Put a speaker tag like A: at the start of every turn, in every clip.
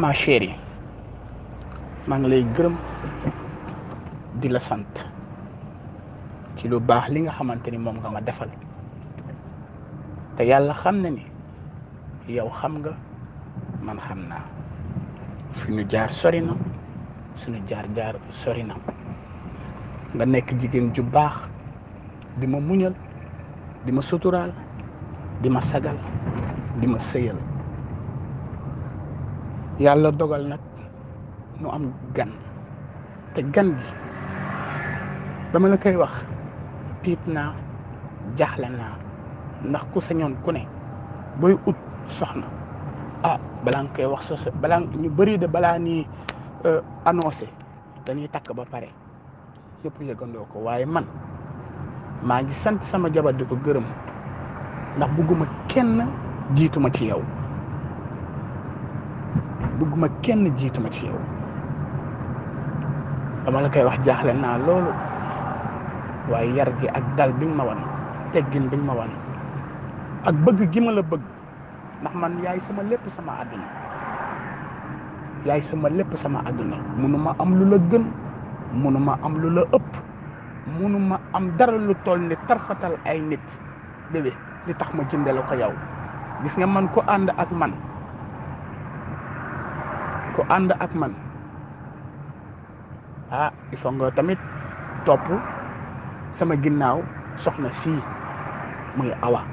A: ma chère ma ngi lay gërëm di la sant ci lu baax li nga xamante ni moom nga ma defal te yàlla xam na ni yow xam nga man xam naa fi ñu jaar sori na suñu jaar-jaar sori na nga nekk jigéen ju baax di ma muñal di ma suturaal di ma sagal di ma sëyal yàlla dogal nag nu am gan te gan bi ba ma la koy wax piit naa jaaxle naa ndax ku sañoon ku ne booy ut soxna a ah, balaa nga koy wax bala balaa ñu bëri de balaa nii euh, annoncé dañuy takk ba pare yëpp yëgandoo ko waaye man maa ngi sant sama jabar di ko gërëm ndax bugguma kenn jiituma ci yow bëgguma kenn jiitu ma ci yow dama la koy wax jaaxle naa loolu waaye yar gi ak dal bi ma wan teggin bi ma wan ak bëgg gi ma bëgg ndax man yaay sama lépp sama àdduna yaay sama lépp sama àdduna munuma am lu la gën munuma am lu la ëpp munuma am dara lu toll ni tarfatal ay nit bébé li tax ma jëndee la ko yow gis nga man ko ànd ak man ko ànd ak man ah il faut nga tamit top sama ginnaw soxna sii muy awa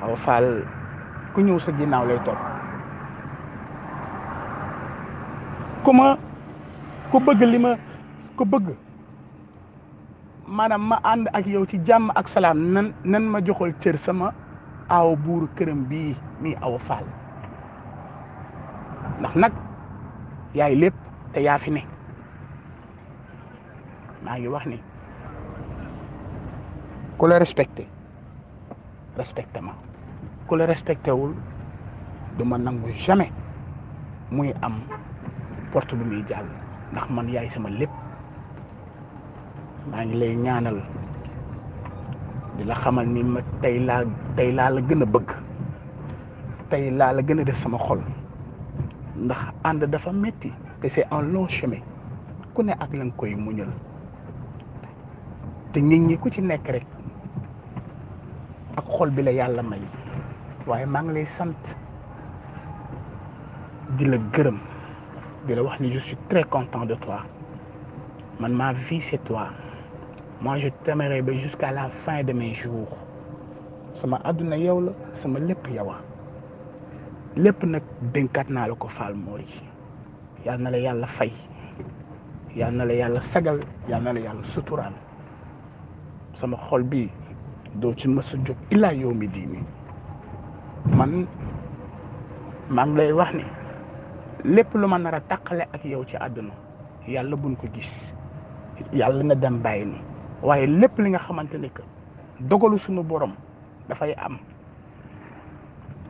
A: awa fal ku ñëw sa ginnaw lay top kuma ku bëgg li ma ku bëgg manam ma and ak yow ci jamm ak salam nan nan ma joxol cër sama aaw buru kërëm bi mi awa fal ndax yaay lépp te yaa fi ne nah, maa iya ngi wax ni ku la respecté respecté ma ku la respecté wul du ma nangu jamais muy am porte bu muy jàll ndax man yaay sama lépp maa ngi lay ñaanal di la xamal ni ma tey laa tey laa la gën a bëgg tey laa la gën a def sama xol ndax ànd dafa metti te c'est un long chemin ku ne ak la nga koy muñal te nit ñi ku ci nekk rek ak xol bi la yàlla may waaye maa ngi lay sant di la gërëm wax ni je suis très content de toi man ma vie c'est toi moi je t'aimerai ba jusqu'à la fin de mes jours sama àdduna yow la sama lépp yow lépp nag dénkaat naa la ko Mori yal na la yàlla fay yal na la yàlla sagal yal na la yàlla sama xol bi doo ci mës a jóg illaa yow diini man maa ngi lay wax ni lépp lu ma nar a taqale ak yow ci àdduna yàlla buñ ko gis yàlla na dem bàyyi ni waaye li nga xamante ni que suñu borom dafay am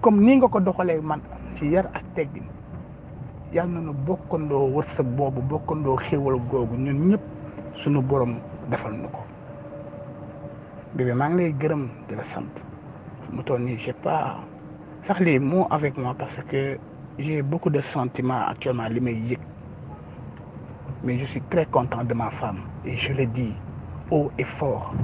A: comme ni nga ko doxalee man ci yar ak teggin yàlla na nu bokkandoo wërsëg boobu bokkandoo xéwal googu ñun ñëpp suñu borom defal nu ko bébé maa ngi lay gërëm di la sant mu toll nii j'ai pas sax les mots avec moi parce que j'ai beaucoup de sentiments actuellement li may yëg mais je suis très content de ma femme et je le dis haut et fort